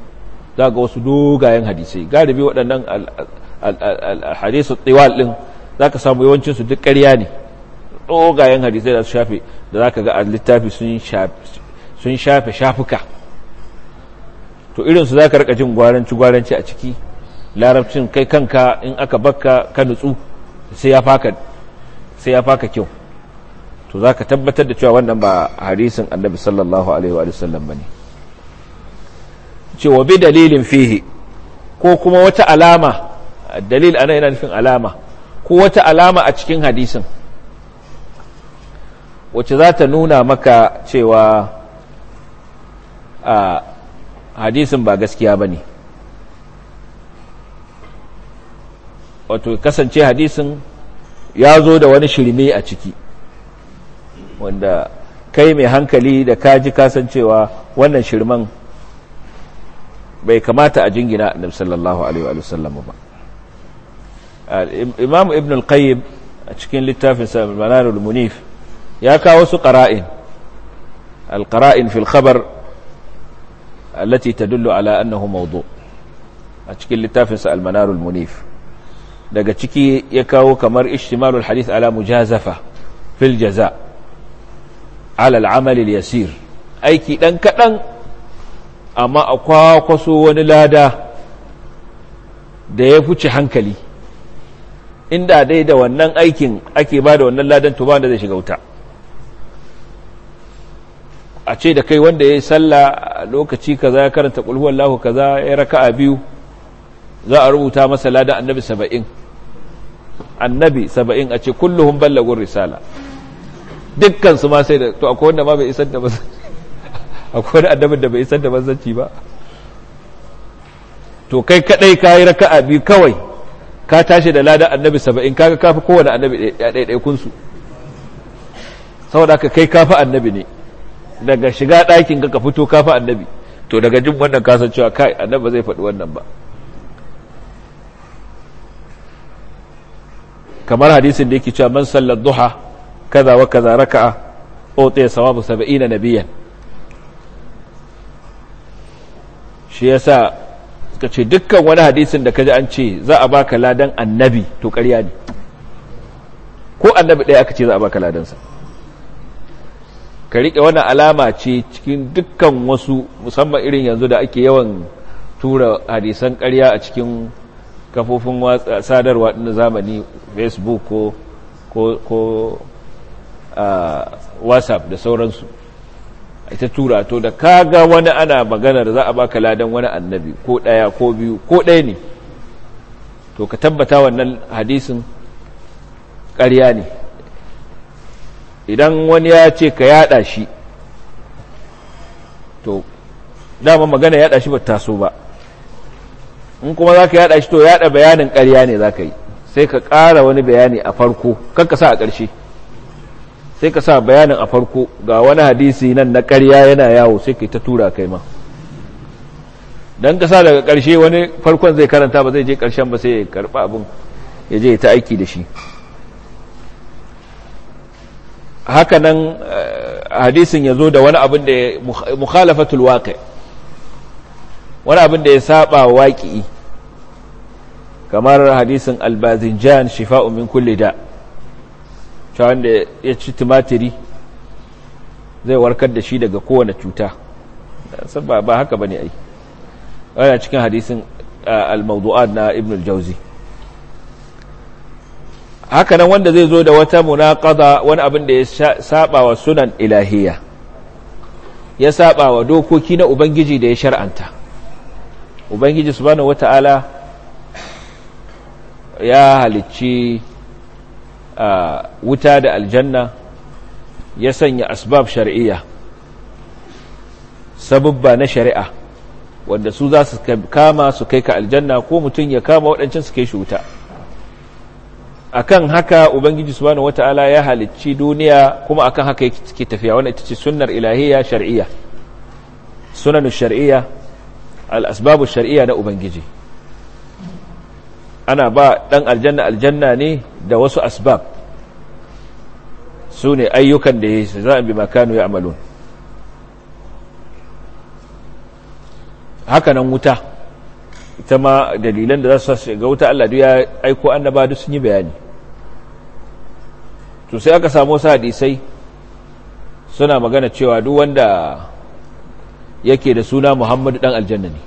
Speaker 2: za ga wasu dogayen hadisai galibi waɗannan alhadisu tsiwal ɗin za ka samu yawancinsu duk ƙarya ne dogayen hadisai da su shafe da za ka ga a littafi sun shafe shafuka to irinsu za ka rika jin gwaranci-gwaranci a ciki larabcin kai kanka in aka bakka ka nutsu sai ya faka kyau to za ka tabbatar da cewa wannan ba harisun annabi sallallahu alaihi wa sallam ba ne cewa bi dalilin fihi ko kuma wata alama dalil ana yana nufin alama ko wata alama a cikin hadisin wacce za ta nuna maka cewa a hadisin ba gaskiya ba ne wato kasance hadisin ya zo da wani shirme a ciki wanda kai mai hankali da kaji kasancewa wannan shirman bai kamata a jingina annabi sallallahu alaihi wa sallam ba imam ibn al-qayyim a cikin littafin sa manarul munif ya kawo su qara'in al-qara'in fil khabar allati tadullu ala annahu mawdu a cikin littafin sa al-manarul munif daga ciki ya kawo kamar ishtimalul hadith ala mujazafa fil jazaa alal amalil yasir aiki ɗan kaɗan amma a kwakwaso wani lada da ya fuce hankali inda dai da wannan aikin ake ba da wannan ladan to ba da zai shiga wuta a ce da kai wanda ya yi sallah lokaci kaza ya karanta ƙulhuwar lahu kaza ya a biyu za a rubuta masa ladan annabi saba'in annabi saba'in a ce kulluhun ballagun risala dukkan su ma sai da to akwai wanda ma bai isar da (laughs) akwai wani addabin da bai isar da manzanci ba to kai kadai ka yi raka'a biyu kawai ka tashi da ladan annabi saba'in kaga kafi kowane annabi a ɗaiɗaikun su saboda haka kai kafi annabi ne daga shiga ɗakin ka ka fito kafi annabi to daga jin wannan kasan cewa kai annabi ba zai faɗi wannan ba kamar hadisin da yake cewa man sallar duha kaza wa kaza raka'a utiya sawabu 70 nabiyan shi ce dukkan wani hadisin da kaji an ce za a baka ladan annabi to ƙarya ne ko annabi ɗaya aka ce za a baka ladansa ka riƙe wani alama ce cikin dukkan wasu musamman irin yanzu da ake yawan tura hadisan ƙarya a cikin kafofin sadarwa na zamani facebook ko whatsapp da sauransu ita tura to da kaga wani ana magana da za a baka ladan wani annabi ko ɗaya ko biyu ko ɗaya ne to ka tabbata wannan hadisin ƙarya ne idan wani ya ce ka yada shi to dama magana yada shi ba taso ba in kuma za ka yada shi to yada bayanin karya ne za ka yi sai ka ƙara wani bayani a farko kanka sa a ƙarshe sai ka sa bayanin a farko ga wani hadisi nan na karya yana yawo sai ka ta tura kai ma don ka sa daga ƙarshe wani farkon zai karanta ba zai je ƙarshen ba sai ya karɓa abin ya je ta aiki da shi hakanan eh, hadisin ya zo da wani abin da ya mukhalafatul waƙe wani abin da ya saba waƙi kamar hadisin albazin albazinjan shifa min kulli da' ta wanda ya ci tumatiri zai warkar da shi daga kowane cuta ba haka ba ne ai wani cikin hadisin al-mawdu'at na ibn al-jauzi haka nan wanda zai zo da wata munaqada wani abin da ya saba wa sunan ilahiyya ya saba wa dokoki na ubangiji da ya shar'anta ubangiji subhanahu wata'ala ya halicci wuta da aljanna ya sanya asbab shari'iyya sababba na shari'a wanda su za su kama su kai ka aljanna ko mutum ya kama waɗancan su kai shi wuta akan haka ubangiji subhanahu wata'ala ya halicci duniya kuma akan haka yake tafiya wannan ita ce sunnar ilahiyya shar'iyya sunanu shar'iyya al-asbabu shar'iyya na ubangiji ana ba ɗan aljanna aljanna ne da wasu asbab su ne ayyukan da ya yi za a bi makanu ya amalun hakanan wuta ita ma dalilan da za su ga wuta Allah ya aiko annaba duk sun yi bayani to sai aka samu wasu hadisai suna magana cewa duk wanda yake da suna Muhammadu ɗan aljanna ne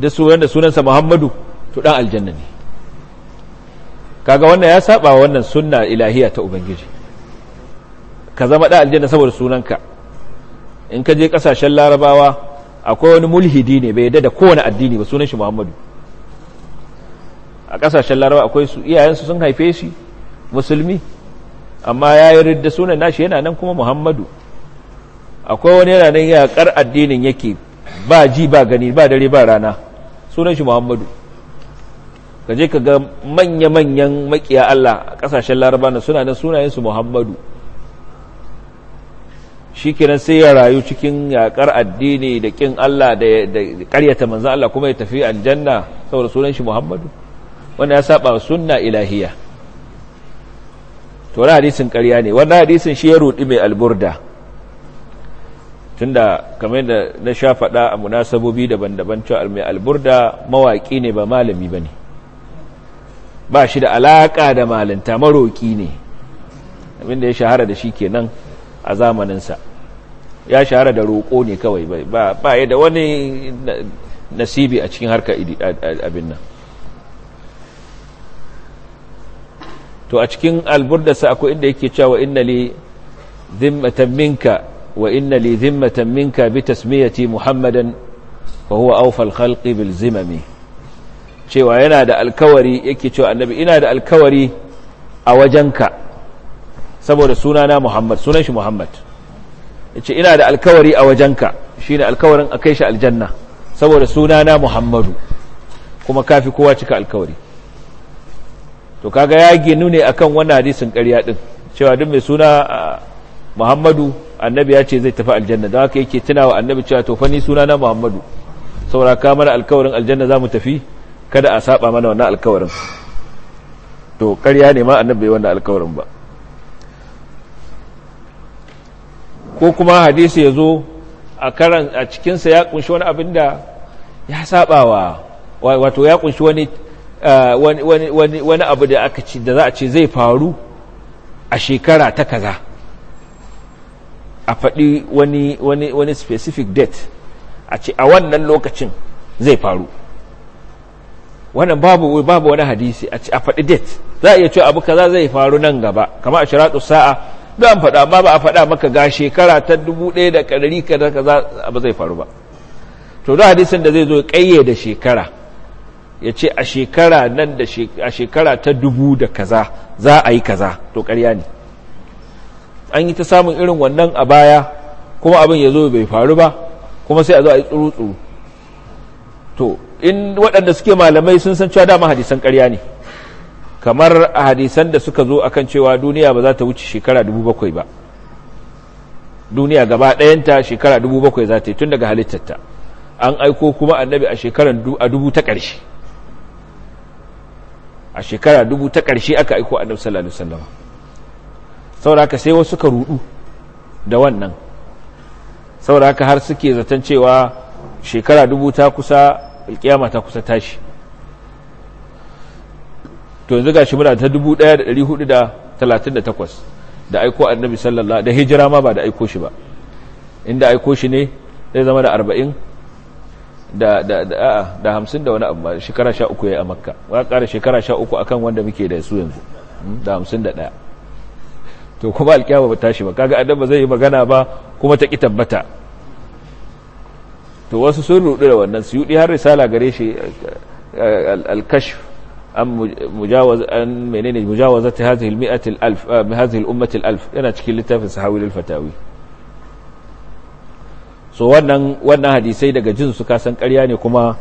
Speaker 2: da sunan da sunansa Muhammadu to dan aljanna ne kaga wannan ya saba wannan sunna ilahiya ta ubangiji ka zama dan aljanna saboda sunanka in ka je kasashen larabawa akwai wani mulhidi ne bai yadda da kowane addini ba sunan shi muhammadu a kasashen larabawa akwai su iyayensu sun haife shi musulmi amma ya yi ridda sunan nashi yana nan kuma muhammadu akwai wani yana nan yakar addinin yake ba ji ba gani ba dare ba rana sunan shi muhammadu ka je ka ga manya-manyan makiya Allah a ƙasashen laraba na suna nan sunayensu muhammadu shi kenan sai ya rayu cikin yaƙar addini da ƙin Allah da ƙaryata manzan Allah kuma ya tafi aljanna saboda sunan shi muhammadu wanda ya saba suna ilahiya to wani hadisin ƙarya ne wani hadisin shi ya rudi mai alburda tunda kamar yadda na sha faɗa a munasabobi daban-daban cewa mai alburda mawaƙi ne ba malami ba ne ba shi da alaƙa da malinta maroƙi ne abinda ya shahara da shi kenan a zamaninsa ya shahara da roƙo ne kawai ba ya da wani nasibi a cikin harka abin nan to a cikin alburdasa akwai inda yake cewa inna li zimmatan minka wa inna zimmatan minka bi tasmiyati muhammadan fa huwa awfal khalqi bil zimami cewa yana da alkawari yake cewa annabi ina da alkawari a wajenka saboda sunana Muhammad sunan shi Muhammad yace ina da alkawari a wajenka shine alkawarin akai shi aljanna saboda sunana Muhammadu kuma kafi kowa cika alkawari to kaga ya ginu ne akan wannan hadisin ƙarya din cewa duk mai suna Muhammadu annabi ya ce zai tafi aljanna da haka yake tunawa annabi cewa to fa ni sunana Muhammadu saboda ka mana alkawarin aljanna za mu tafi kada a saba mana wannan alkawarin to ƙarya ne ma annabi wannan alkawarin ba ko kuma hadisi ya zo a karan a cikinsa ya kunshi wani abin da ya saba wa wato ya kunshi wani wani abu da aka ci da za a ce zai faru a shekara ta kaza a faɗi wani specific date a ce a wannan lokacin zai faru wannan babu babu wani hadisi a faɗi date za a iya cewa abu kaza zai faru nan gaba kama a shiratu sa'a za a faɗa amma ba a faɗa maka ga shekara ta dubu ɗaya da ƙarari kaza abu zai faru ba to da hadisin da zai zo kayye da shekara ya ce a shekara nan da a shekara ta dubu da kaza za a yi kaza to ƙarya ne an yi ta samun irin wannan a baya kuma abin ya zo bai faru ba kuma sai a zo a yi tsuru to in waɗanda suke malamai sun san cewa dama hadisan ƙarya ne kamar a hadisan da suka zo akan cewa duniya ba za ta wuce shekara dubu bakwai ba duniya gaba ɗayanta shekara dubu bakwai za ta yi tun daga halittarta an aiko kuma annabi a shekarar a dubu ta ƙarshe a shekara dubu ta ƙarshe aka aiko annabi sallallahu alaihi wasallam sauraka sai wasu ka rudu da wannan sauraka har suke zaton cewa shekara dubu ta kusa alkiyama ta kusa tashi to yanzu gashi muna ta dubu 1438 da aiko annabi sallallahu da hijira ma ba da aiko shi ba inda aiko shi ne zai zama da 40 da da da a'a da hamsin da wani abu shekara 13 yayi a makka wa ƙara shekara uku akan wanda muke da su yanzu hmm, da hamsin da daya to kuma alkiyama ba tashi ba kaga annabi zai yi magana ba kuma ta ki tabbata to wasu sun rudu da wannan suyudi har risala gare shi eh, eh, al-kashf an mujawaz an menene mujawazat hadhihi al-mi'at al-alf eh, hadhihi al al-alf yana cikin littafin sahawi al-fatawi so wannan wannan hadisai daga jin su kasan ƙarya ne kuma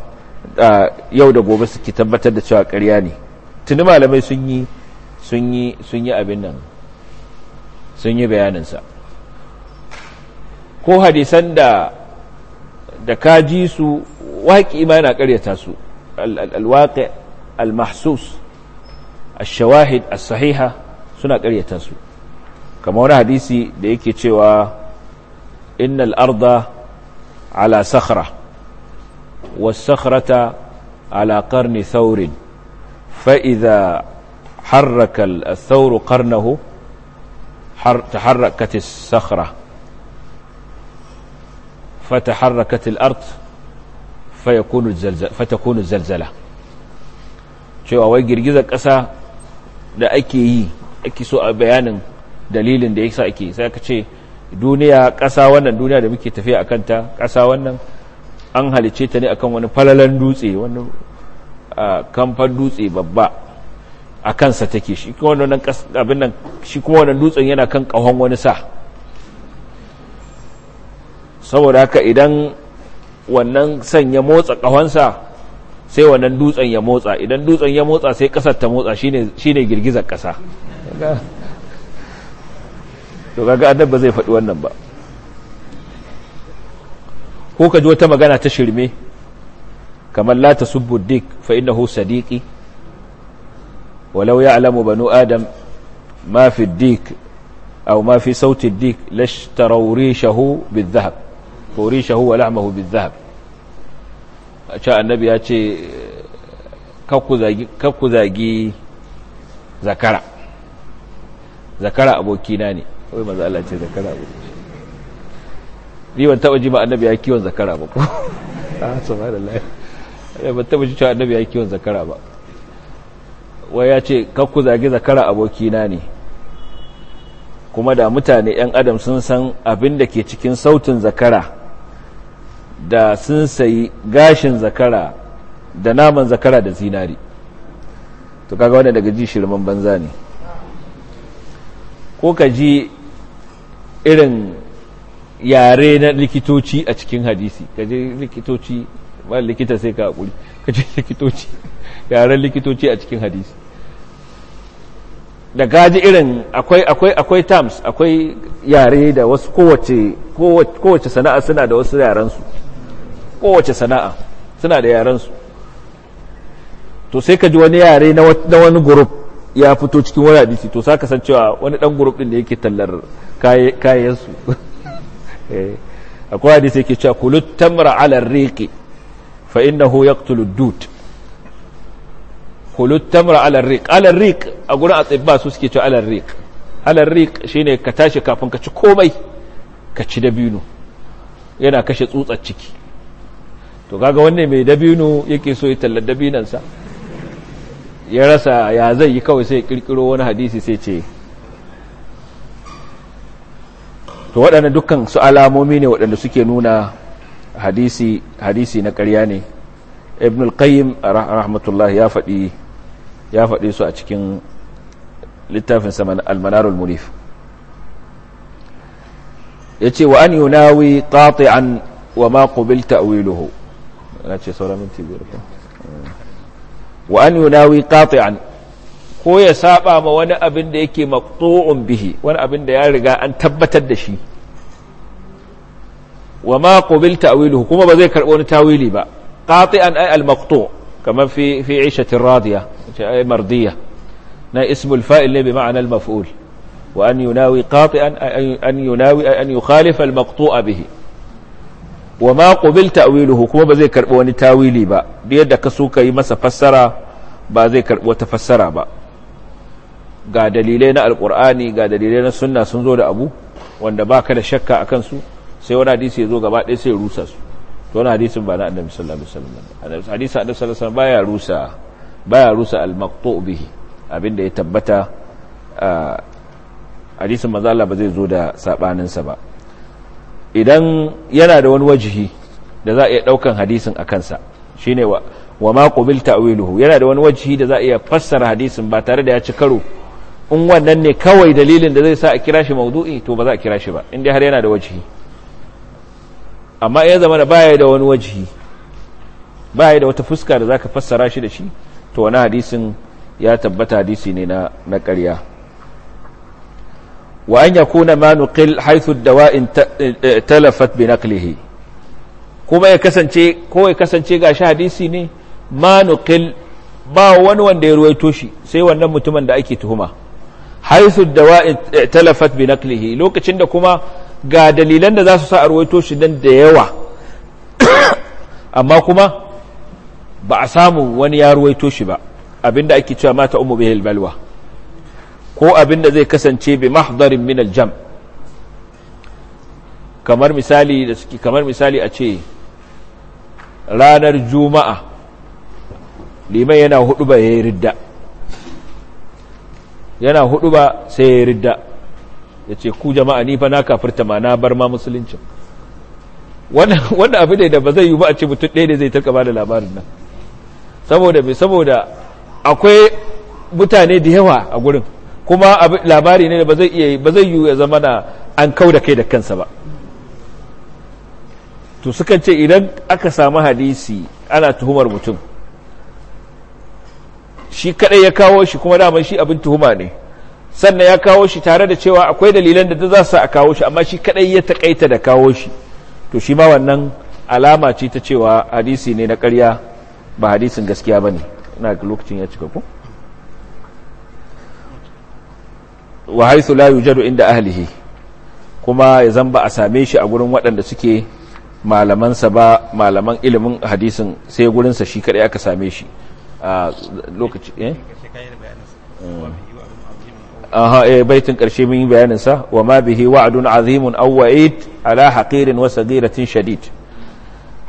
Speaker 2: yau da gobe suke tabbatar da cewa ƙarya ne tuni malamai sun yi sun yi sun yi abin nan sun yi bayaninsa ko hadisan da da kaji su waƙi ma yana ƙaryata su alwaƙi almahsus ashawahid asahiha suna ƙaryata su kamar wani hadisi da yake cewa innal arda ala sakhra was ala qarni thawrin fa idha harraka al-thawru qarnahu taharrakat as-sakhra فتحركت الأرض فيكون الزلزل فتكون الزلزلة cewa wai girgizar ƙasa da ake yi ake so a bayanin dalilin da yasa ake sai ka ce duniya ƙasa wannan duniya da muke tafiya a ta ƙasa wannan an halice ta ne akan wani falalan dutse wani kamfan dutse babba a kansa take shi kuma wannan abin nan shi kuma wannan dutsen yana kan kahon wani sa saboda haka idan wannan san ya motsa ƙahonsa sai wannan dutsen ya motsa idan dutsen ya motsa sai ƙasar ta motsa ne girgizar ƙasa to kaga ba zai faɗi wannan ba ko ka ji wata magana ta shirme kamar lata subuddik dik fa innahu walauya walau ya'lamu banu adam ma fi dik au ma fi sauti dik shahu bin zahab. furishahu wa lahmahu bizahab a ce annabi ya ce kakku zagi zakara zakara abokina ne wai maza Allah ce zakara abokina riwan taba ji ma annabi ya kiwon zakara ba ko ah subhanallah ban taba ji cewa annabi ya kiwon zakara ba wai ya ce kakku zagi zakara abokina ne kuma da mutane 'yan adam sun san abin da ke cikin sautin zakara da sun sayi gashin zakara da naman zakara da zinari to kaga wannan daga ji shirman banza ne ko ka ji irin yare na likitoci a cikin hadisi ka ji likitoci wani likita sai ka haƙuri ka ji likitoci yaren likitoci a cikin hadisi da gaji irin akwai akwai akwai terms akwai yare da wasu kowace kowace sana'a suna da wasu yarensu kowace sana'a suna da yarensu to sai ka ji wani yare na wani group ya fito cikin wani hadisi to sa cewa wani dan group din da yake tallar kayansu (laughs) eh, akwai hadisi yake cewa kulut tamra ala riqi fa innahu yaqtulu dud kulut tamra ala riq ala riq a gurin atsibba su suke cewa ala riq ala riq shine ka tashi kafin ka ci komai ka ci dabino yana kashe tsutsar ciki to kaga wanne mai dabino yake so ya tallar dabinansa ya rasa ya zai yi kawai sai kirkiro wani hadisi sai ce to waɗanda dukkan su alamomi ne waɗanda suke nuna hadisi hadisi na ƙarya ne ibn al-qayyim rahmatullah ya faɗi ya faɗi su a cikin littafin saman al yace wa an yunawi an wa ma qubil ta'wiluhu أنا شيء صورة من تقول وأن يناوي قاطعا هو يسابع ما وانا أبن ديكي مقطوع به وانا أبن ديكي رجاء أن تبت الدشي وما قبل تأويله كما بذكر أون تأويلي با قاطعا أي المقطوع كما في في عيشة الراضية أي مرضية نا اسم الفائل بمعنى المفؤول وأن يناوي قاطئا أن يناوي أن يخالف المقطوع به wa ma qabil ta'wiluhu kuma ba zai karbi wani tawili ba da yadda ka so kai masa fassara ba zai karbi wata fassara ba ga dalilai na alqur'ani ga dalilai na sunna sun zo da abu wanda baka da shakka a kansu sai wani hadisi ya zo gaba ɗaya sai rusa su to wani hadisin ba na annabi sallallahu alaihi wasallam hadisi annabi sallallahu alaihi baya rusa baya rusa al-maqtu bihi abinda ya tabbata ah, hadisin manzo Allah ba zai zo da sabanin sa ba idan yana da wani wajihi da za a iya daukan hadisin a kansa shine wa wa ma ta'wiluhu yana da wani wajihi da za a iya fassara hadisin ba tare da ya ci karo in wannan ne kawai dalilin da zai sa a kira shi maudu'i to ba za a kira shi ba in dai har yana da wajihi amma ya zama da baya da wani wajihi baya da wata fuska da za ka fassara shi da shi to wani hadisin ya tabbata hadisi ne na na wa an yakuna ma nuqil haythu dawa'in talafat bi naqlihi kuma ya kasance ko ya kasance gashi hadisi ne ma ba wani wanda ya ruwaito shi sai wannan mutumin da ake tuhuma haythu dawa'in talafat bi naqlihi lokacin da kuma ga dalilan da za su sa a ruwaito shi dan da yawa amma kuma ba a samu wani ya ruwaito shi ba abin da ake cewa mata umu bihil balwa ko abin da zai kasance bi mahdarin min aljam kamar misali da suke kamar misali a ce ranar juma'a liman yana hudu ba ya ridda yana hudu ba sai ya yi ridda ce ku jama'a ni fa na kafirta ma na bar ma musulunci wanda abu ne da ba zai yi ba a ce mutum ɗaya ne zai tarka ba da labarin nan saboda mai saboda akwai mutane da yawa a gurin kuma labari ne ba zai iya ba zai yiwu ya zama na an kau da kai da kansa ba to sukan ce idan aka samu hadisi ana tuhumar mutum shi kadai ya kawo shi kuma dama shi abin tuhuma ne sannan ya kawo shi tare da cewa akwai dalilan da za su a kawo shi amma shi kadai ya takaita da kawo shi to shi ma wannan alama ce ta cewa hadisi ne na karya ba hadisin gaskiya ba ne ina lokacin ya cika ku wa haisu la yujadu inda ahlihi kuma ya zamba a same shi a gurin waɗanda suke malamansa ba malaman ilimin hadisin sai gurinsa shi kaɗai aka same shi a lokaci eh aha eh baitin ƙarshe mun yi sa wa ma bihi wa'dun azimun aw wa'id ala haqirin wa saghiratin shadid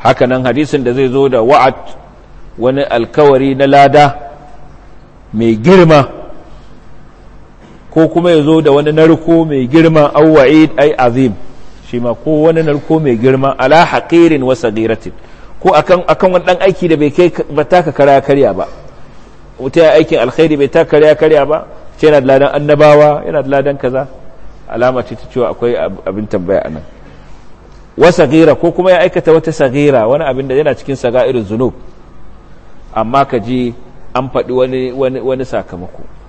Speaker 2: hakanan hadisin da zai zo da wa'ad wani alkawari na lada mai girma ko kuma ya zo da wani narko mai girma aw wa'id ai azim shi ma ko wani narko mai girma ala haƙirin wasa saghiratin ko akan kan wani dan aiki da bai kai ba taka kara karya ba wuta aikin alkhairi bai taka kara karya ba ce yana da ladan annabawa yana da ladan kaza alama ce ta cewa akwai abin tambaya a nan wasa saghira ko kuma ya aikata wata saghira wani abin da yana cikin sagairin zunub amma ka ji an faɗi wani sakamako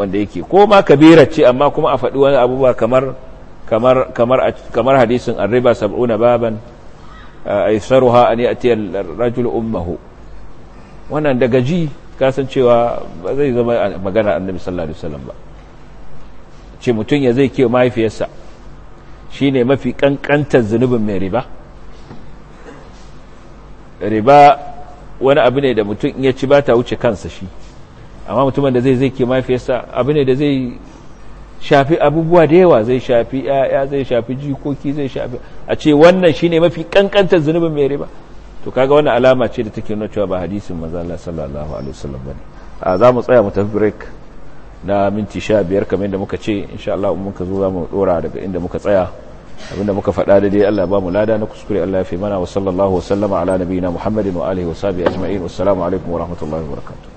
Speaker 2: wanda yake ko ma kabira ce amma kuma a faɗi wani abubuwa kamar kamar kamar kamar hadisin arriba sab'una baban aisaruha an ya'ti ar-rajul ummuhu wannan daga ji kasancewa ba zai zama magana annabi sallallahu alaihi wasallam ba ce mutum ya zai ke mahaifiyarsa shine mafi ƙanƙantar zunubin mai riba riba wani abu ne da mutum ya ci ba ta wuce kansa shi amma mutumin da zai zai ke mafiyarsa abu ne da zai shafi abubuwa da yawa zai shafi ya zai shafi jikoki zai shafi a ce wannan shine mafi kankantar zunubin mai riba to kaga wannan alama ce da take nuna ba hadisin manzo Allah sallallahu alaihi wasallam bane a za mu tsaya mu tafi break na minti 15 kamar inda muka ce insha Allah mun ka zo za mu dora daga inda muka tsaya abinda muka faɗa da dai Allah ba mu lada na kuskure Allah ya fi mana wa sallallahu wa sallama ala nabiyina Muhammadin wa alihi wa sahbihi ajma'in wassalamu alaikum wa rahmatullahi wa barakatuh